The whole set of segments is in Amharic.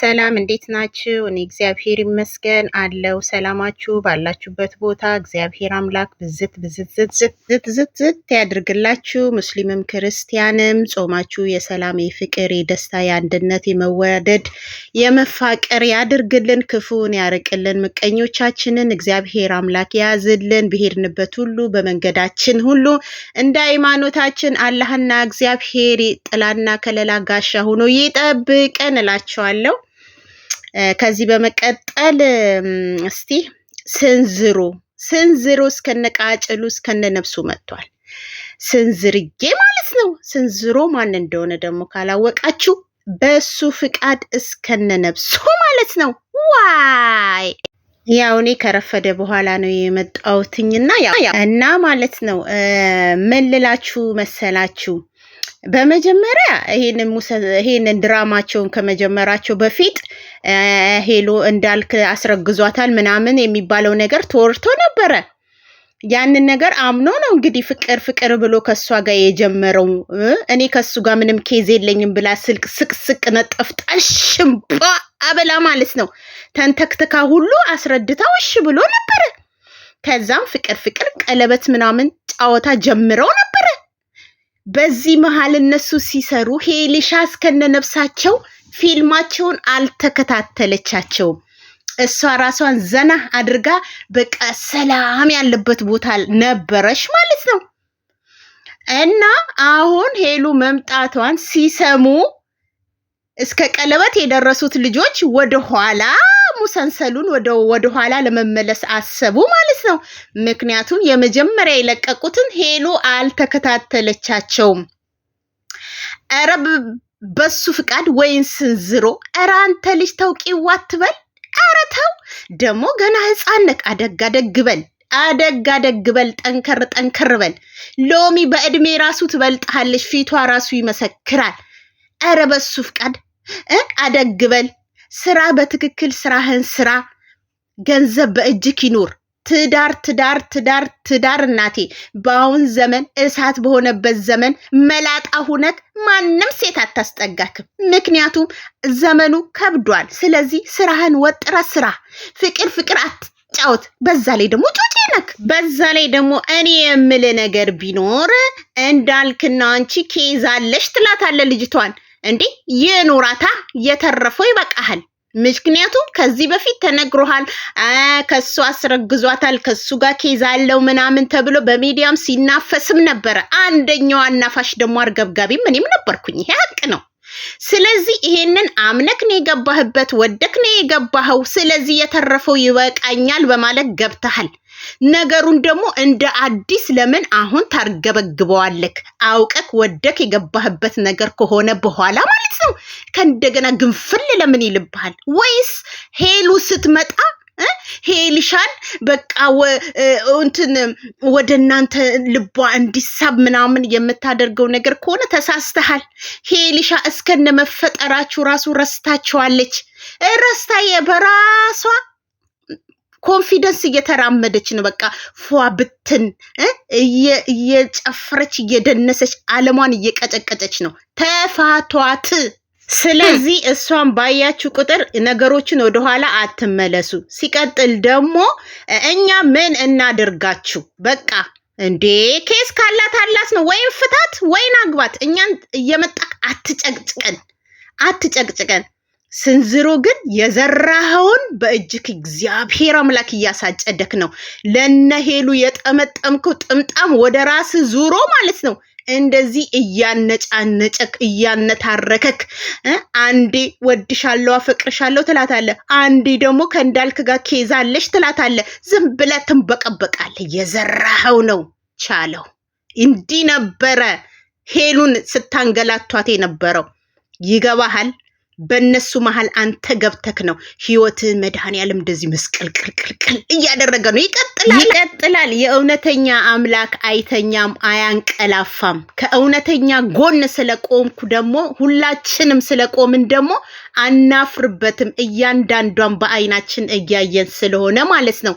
ሰላም ሰላም፣ እንዴት ናችሁ? እኔ እግዚአብሔር ይመስገን አለው። ሰላማችሁ ባላችሁበት ቦታ እግዚአብሔር አምላክ ብዝት ብዝት ዝት ዝት ያድርግላችሁ። ሙስሊምም ክርስቲያንም ጾማችሁ የሰላም የፍቅር የደስታ የአንድነት የመወደድ የመፋቀር ያድርግልን፣ ክፉን ያርቅልን፣ ምቀኞቻችንን እግዚአብሔር አምላክ ያዝልን። ብሄድንበት ሁሉ በመንገዳችን ሁሉ እንደ ሃይማኖታችን አላህና እግዚአብሔር ጥላና ከለላ ጋሻ ሆኖ ይጠብቀን እላችኋለሁ። ከዚህ በመቀጠል እስቲ ስንዝሩ ስንዝሩ እስከነቃጭሉ እስከነነብሱ መጥቷል። ስንዝርጌ ማለት ነው። ስንዝሮ ማን እንደሆነ ደግሞ ካላወቃችሁ በሱ ፍቃድ እስከነነብሱ ማለት ነው። ዋይ ያው እኔ ከረፈደ በኋላ ነው የመጣሁትኝና እና ማለት ነው ምን ልላችሁ መሰላችሁ በመጀመሪያ ይሄንን ድራማቸውን ከመጀመራቸው በፊት ሄሎ እንዳልክ አስረግዟታል ምናምን የሚባለው ነገር ተወርቶ ነበረ። ያንን ነገር አምኖ ነው እንግዲህ ፍቅር ፍቅር ብሎ ከእሷ ጋር የጀመረው። እኔ ከእሱ ጋር ምንም ኬዝ የለኝም ብላ ስልክ ስቅስቅ ነጠፍጣሽ ሽምባ አበላ ማለት ነው ተንተክትካ ሁሉ አስረድታው እሺ ብሎ ነበረ። ከዛም ፍቅር ፍቅር ቀለበት ምናምን ጨዋታ ጀምረው ነበር። በዚህ መሀል እነሱ ሲሰሩ ሄሊሻ እስከነ ነብሳቸው ፊልማቸውን አልተከታተለቻቸውም። እሷ ራሷን ዘና አድርጋ በቃ ሰላም ያለበት ቦታ ነበረች ማለት ነው። እና አሁን ሄሉ መምጣቷን ሲሰሙ እስከ ቀለበት የደረሱት ልጆች ወደኋላ ሙሰንሰሉን ወደ ኋላ ለመመለስ አሰቡ ማለት ነው። ምክንያቱም የመጀመሪያ የለቀቁትን ሄሉ አልተከታተለቻቸውም። ኧረ በሱ ፍቃድ ወይን ስንዝሮ ኧረ አንተ ልጅ ተውቂው አትበል። ኧረ ተው ደግሞ ገና ህፃን ነቅ። አደግ አደግ በል አደግ አደግ በል ጠንከር ጠንከር በል። ሎሚ በእድሜ ራሱ ትበልጥሃለች። ፊቷ ራሱ ይመሰክራል። ኧረ በሱ ፍቃድ አደግበል ስራ፣ በትክክል ስራህን ስራ። ገንዘብ በእጅክ ይኑር። ትዳር ትዳር ትዳር ትዳር እናቴ፣ በአሁን ዘመን እሳት በሆነበት ዘመን መላጣ ሁነት ማንም ሴት አታስጠጋክም። ምክንያቱም ዘመኑ ከብዷል። ስለዚህ ስራህን ወጥረ ስራ። ፍቅር ፍቅር አትጫወት። በዛ ላይ ደግሞ ጩጬ ነክ። በዛ ላይ ደግሞ እኔ የምል ነገር ቢኖር እንዳልክና አንቺ ኬዛለሽ ትላታለ ልጅቷን እንዴ የኖራታ የተረፈው ይበቃሃል። ምክንያቱም ከዚህ በፊት ተነግሮሃል። ከሱ አስረግዟታል፣ ከሱ ጋር ኬዝ አለው ምናምን ተብሎ በሚዲያም ሲናፈስም ነበረ። አንደኛው አናፋሽ ደግሞ አርገብጋቢም እኔም ነበርኩኝ። ይሄ ሀቅ ነው። ስለዚህ ይሄንን አምነክ ነው የገባህበት፣ ወደክ ነው የገባኸው። ስለዚህ የተረፈው ይበቃኛል በማለት ገብተሃል። ነገሩን ደግሞ እንደ አዲስ ለምን አሁን ታርገበግበዋለክ? አውቀክ ወደክ የገባህበት ነገር ከሆነ በኋላ ማለት ነው። ከእንደገና ግንፍል ለምን ይልብሃል? ወይስ ሄሉ ስትመጣ ሄልሻን በቃ እንትን ወደ እናንተ ልቧ እንዲሳብ ምናምን የምታደርገው ነገር ከሆነ ተሳስተሃል። ሄልሻ እስከነ መፈጠራችሁ ራሱ ረስታችኋለች። ረስታዬ በራሷ። ኮንፊደንስ እየተራመደች ነው። በቃ ፏ ብትን እየጨፈረች እየደነሰች አለሟን እየቀጨቀጨች ነው። ተፋቷት። ስለዚህ እሷን ባያችሁ ቁጥር ነገሮችን ወደኋላ አትመለሱ። ሲቀጥል ደግሞ እኛ ምን እናደርጋችሁ? በቃ እንዴ ኬስ ካላት አላት ነው። ወይም ፍታት ወይን አግባት። እኛን እየመጣ አትጨቅጭቀን፣ አትጨቅጭቀን። ስንዝሮ ግን የዘራኸውን በእጅክ እግዚአብሔር አምላክ እያሳጨደክ ነው። ለነሄሉ የጠመጠምከው ጥምጣም ወደ ራስ ዙሮ ማለት ነው። እንደዚህ እያነጫነጨክ እያነታረከክ አንዴ ወድሻለሁ አፈቅርሻለሁ ትላታለህ፣ አንዴ ደግሞ ከእንዳልክ ጋር ኬዛለሽ ትላታለህ። ዝም ብለህ ትንበቀበቃለህ። የዘራኸው ነው ቻለው። እንዲህ ነበረ ሄሉን ስታንገላቷት የነበረው ይገባሃል? በእነሱ መሀል አንተ ገብተክ ነው ህይወት መድኃኔዓለም እንደዚህ መስቀል ቅልቅልቅል እያደረገ ነው ይቀጥ ይቀጥላል። የእውነተኛ አምላክ አይተኛም አያንቀላፋም። ከእውነተኛ ጎን ስለቆምኩ ደግሞ ሁላችንም ስለቆምን ደግሞ አናፍርበትም። እያንዳንዷን በአይናችን እያየን ስለሆነ ማለት ነው።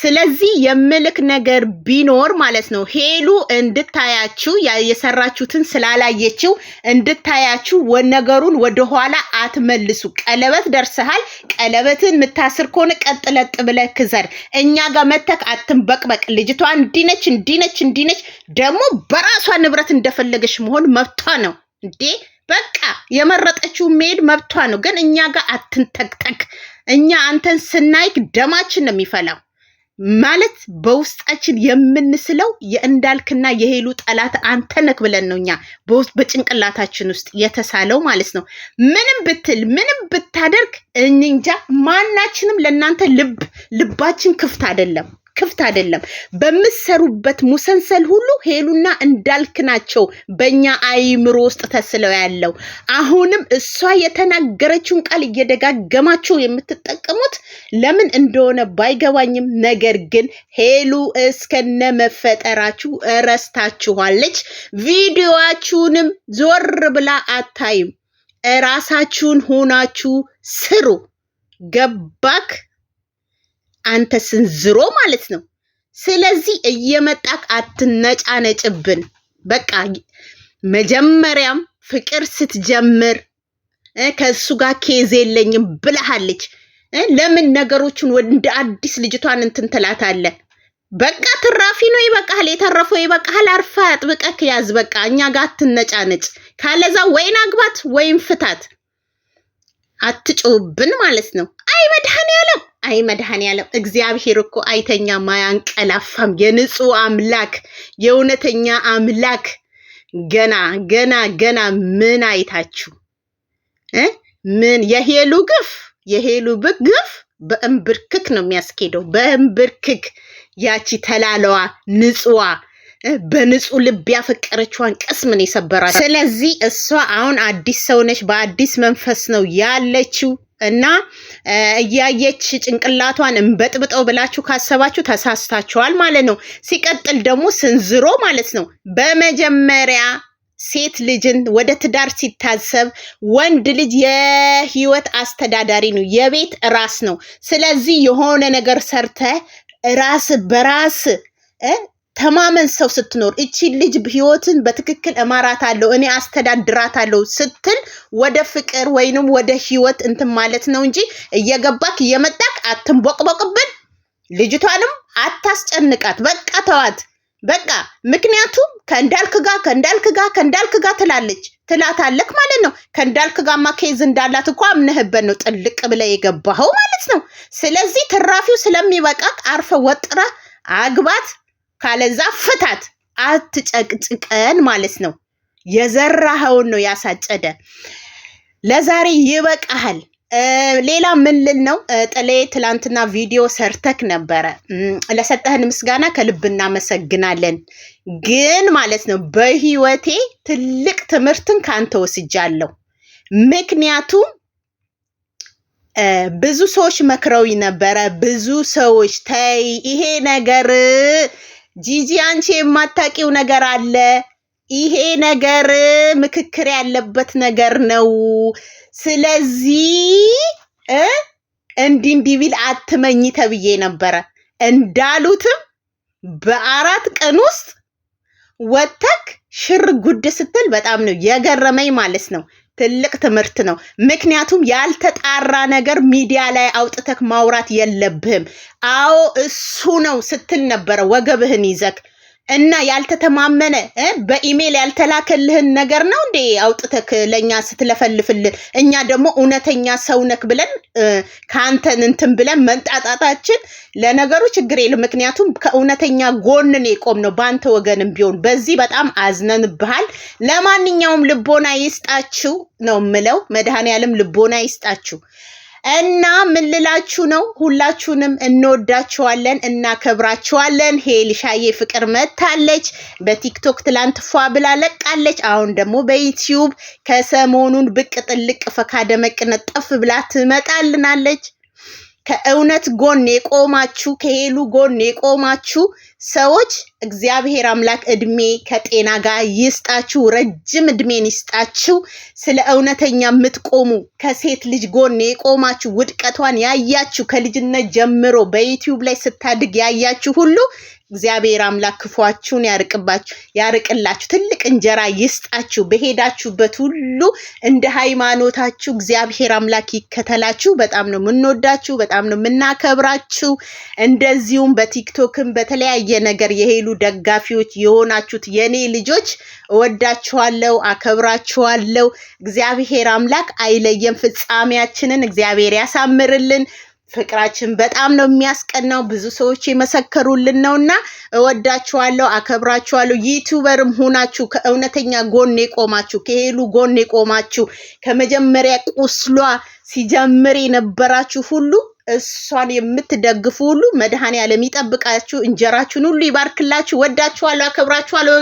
ስለዚህ የምልክ ነገር ቢኖር ማለት ነው ሄሉ እንድታያችሁ የሰራችሁትን ስላላየችው እንድታያችሁ ነገሩን ወደኋላ አትመልሱ። ቀለበት ደርሰሃል። ቀለበትን የምታስር ከሆነ ቀጥለጥ ብለህ ክዘር። እኛ ጋር መተ አላት። አትንበቅበቅ። ልጅቷ እንዲነች እንዲነች እንዲነች። ደግሞ በራሷ ንብረት እንደፈለገች መሆን መብቷ ነው እንዴ! በቃ የመረጠችው መሄድ መብቷ ነው። ግን እኛ ጋር አትንተግተግ። እኛ አንተን ስናይክ ደማችን ነው የሚፈላው። ማለት በውስጣችን የምንስለው የእንዳልክና የሄሉ ጠላት አንተ ነክ ብለን ነው እኛ በውስጥ በጭንቅላታችን ውስጥ የተሳለው ማለት ነው። ምንም ብትል ምንም ብታደርግ እንጃ ማናችንም ለእናንተ ልብ ልባችን ክፍት አይደለም። ክፍት አይደለም። በምትሰሩበት ሙሰንሰል ሁሉ ሄሉና እንዳልክ ናቸው በእኛ አይምሮ ውስጥ ተስለው ያለው። አሁንም እሷ የተናገረችውን ቃል እየደጋገማችሁ የምትጠቀሙት ለምን እንደሆነ ባይገባኝም፣ ነገር ግን ሄሉ እስከነ መፈጠራችሁ እረስታችኋለች። ቪዲዮዋችሁንም ዞር ብላ አታይም። እራሳችሁን ሆናችሁ ስሩ። ገባክ? አንተ ስንዝሮ ማለት ነው። ስለዚህ እየመጣክ አትነጫነጭብን። በቃ መጀመሪያም ፍቅር ስትጀምር ከእሱ ጋር ኬዝ የለኝም ብለሃለች። ለምን ነገሮችን እንደ አዲስ ልጅቷን እንትን ትላታለህ? በቃ ትራፊ ነው፣ ይበቃሃል። የተረፈው ይበቃሃል። አርፋ አጥብቀህ ያዝ። በቃ እኛ ጋር አትነጫነጭ። ካለዛ ወይን አግባት ወይም ፍታት። አትጮህብን ማለት ነው። አይ መድኃኔዓለም፣ አይ መድኃኔዓለም። እግዚአብሔር እኮ አይተኛም አያንቀላፋም። የንጹህ አምላክ የእውነተኛ አምላክ ገና ገና ገና ምን አይታችሁ እ ምን የሄሉ ግፍ የሄሉ ብግ ግፍ በእምብርክክ ነው የሚያስኬደው። በእምብርክክ ያቺ ተላለዋ ንጹዋ በንጹህ ልብ ያፈቀረችዋን ቅስምን የሰበራት። ስለዚህ እሷ አሁን አዲስ ሰው ነች፣ በአዲስ መንፈስ ነው ያለችው እና እያየች ጭንቅላቷን እንበጥብጠው ብላችሁ ካሰባችሁ ተሳስታችኋል ማለት ነው። ሲቀጥል ደግሞ ስንዝሮ ማለት ነው በመጀመሪያ ሴት ልጅን ወደ ትዳር ሲታሰብ ወንድ ልጅ የህይወት አስተዳዳሪ ነው፣ የቤት ራስ ነው። ስለዚህ የሆነ ነገር ሰርተ ራስ በራስ ተማመን ሰው ስትኖር እቺ ልጅ ህይወትን በትክክል እማራታለሁ እኔ አስተዳድራታለሁ ስትል ወደ ፍቅር ወይንም ወደ ህይወት እንትን ማለት ነው እንጂ እየገባክ እየመጣክ አትንቦቅቦቅብን። ልጅቷንም አታስጨንቃት። በቃ ተዋት በቃ። ምክንያቱም ከእንዳልክ ጋ ከእንዳልክ ጋ ከእንዳልክ ጋ ትላለች ትላታለክ ማለት ነው። ከእንዳልክ ጋማ ኬዝ እንዳላት እኮ አምነህበት ነው ጥልቅ ብለህ የገባኸው ማለት ነው። ስለዚህ ትራፊው ስለሚበቃክ አርፈ ወጥረህ አግባት። ካለዛ ፍታት፣ አትጨቅጭቀን ማለት ነው። የዘራኸውን ነው ያሳጨደ። ለዛሬ ይበቃሃል። ሌላ ምን ልል ነው? ጥሌ ትላንትና ቪዲዮ ሰርተክ ነበረ። ለሰጠህን ምስጋና ከልብ እናመሰግናለን። ግን ማለት ነው በህይወቴ ትልቅ ትምህርትን ካንተ ወስጃለሁ። ምክንያቱም ብዙ ሰዎች መክረው ነበረ። ብዙ ሰዎች ተይ ይሄ ነገር ጂጂ አንቺ የማታውቂው ነገር አለ። ይሄ ነገር ምክክር ያለበት ነገር ነው። ስለዚህ እንዲህ እንዲህ ቢል አትመኝ ተብዬ ነበረ። እንዳሉትም በአራት ቀን ውስጥ ወተክ ሽር ጉድ ስትል በጣም ነው የገረመኝ ማለት ነው። ትልቅ ትምህርት ነው። ምክንያቱም ያልተጣራ ነገር ሚዲያ ላይ አውጥተክ ማውራት የለብህም። አዎ እሱ ነው ስትል ነበረ ወገብህን ይዘክ እና ያልተተማመነ በኢሜል ያልተላከልህን ነገር ነው እንዴ አውጥተክ ለእኛ ስትለፈልፍልን፣ እኛ ደግሞ እውነተኛ ሰውነክ ብለን ከአንተን እንትን ብለን መንጣጣታችን ለነገሩ ችግር የለም። ምክንያቱም ከእውነተኛ ጎንን የቆም ነው በአንተ ወገንም ቢሆን በዚህ በጣም አዝነንብሃል። ለማንኛውም ልቦና ይስጣችሁ ነው ምለው። መድኃኔዓለም ልቦና ይስጣችሁ። እና ምን ልላችሁ ነው? ሁላችሁንም እንወዳችኋለን፣ እናከብራችኋለን። ሄልሻዬ ፍቅር መታለች። በቲክቶክ ትላንት ፏ ብላ ለቃለች። አሁን ደግሞ በዩትዩብ ከሰሞኑን ብቅ ጥልቅ ፈካ ደመቅነት ጠፍ ብላ ትመጣልናለች። ከእውነት ጎን የቆማችሁ ከሄሉ ጎን የቆማችሁ ሰዎች እግዚአብሔር አምላክ እድሜ ከጤና ጋር ይስጣችሁ፣ ረጅም እድሜን ይስጣችሁ። ስለ እውነተኛ የምትቆሙ ከሴት ልጅ ጎን የቆማችሁ ውድቀቷን ያያችሁ ከልጅነት ጀምሮ በዩቲዩብ ላይ ስታድግ ያያችሁ ሁሉ እግዚአብሔር አምላክ ክፏችሁን ያርቅባችሁ ያርቅላችሁ፣ ትልቅ እንጀራ ይስጣችሁ። በሄዳችሁበት ሁሉ እንደ ሃይማኖታችሁ እግዚአብሔር አምላክ ይከተላችሁ። በጣም ነው የምንወዳችሁ፣ በጣም ነው የምናከብራችሁ። እንደዚሁም በቲክቶክም በተለያየ ነገር የሄሉ ደጋፊዎች የሆናችሁት የኔ ልጆች እወዳችኋለሁ፣ አከብራችኋለሁ። እግዚአብሔር አምላክ አይለየም። ፍጻሜያችንን እግዚአብሔር ያሳምርልን። ፍቅራችን በጣም ነው የሚያስቀናው። ብዙ ሰዎች የመሰከሩልን ነው እና እወዳችኋለሁ፣ አከብራችኋለሁ። ዩቱበርም ሆናችሁ ከእውነተኛ ጎን የቆማችሁ ከሄሉ ጎን የቆማችሁ ከመጀመሪያ ቁስሏ ሲጀምር የነበራችሁ ሁሉ እሷን የምትደግፉ ሁሉ መድኃኔዓለም ይጠብቃችሁ፣ እንጀራችሁን ሁሉ ይባርክላችሁ። ወዳችኋለሁ፣ አከብራችኋለሁ።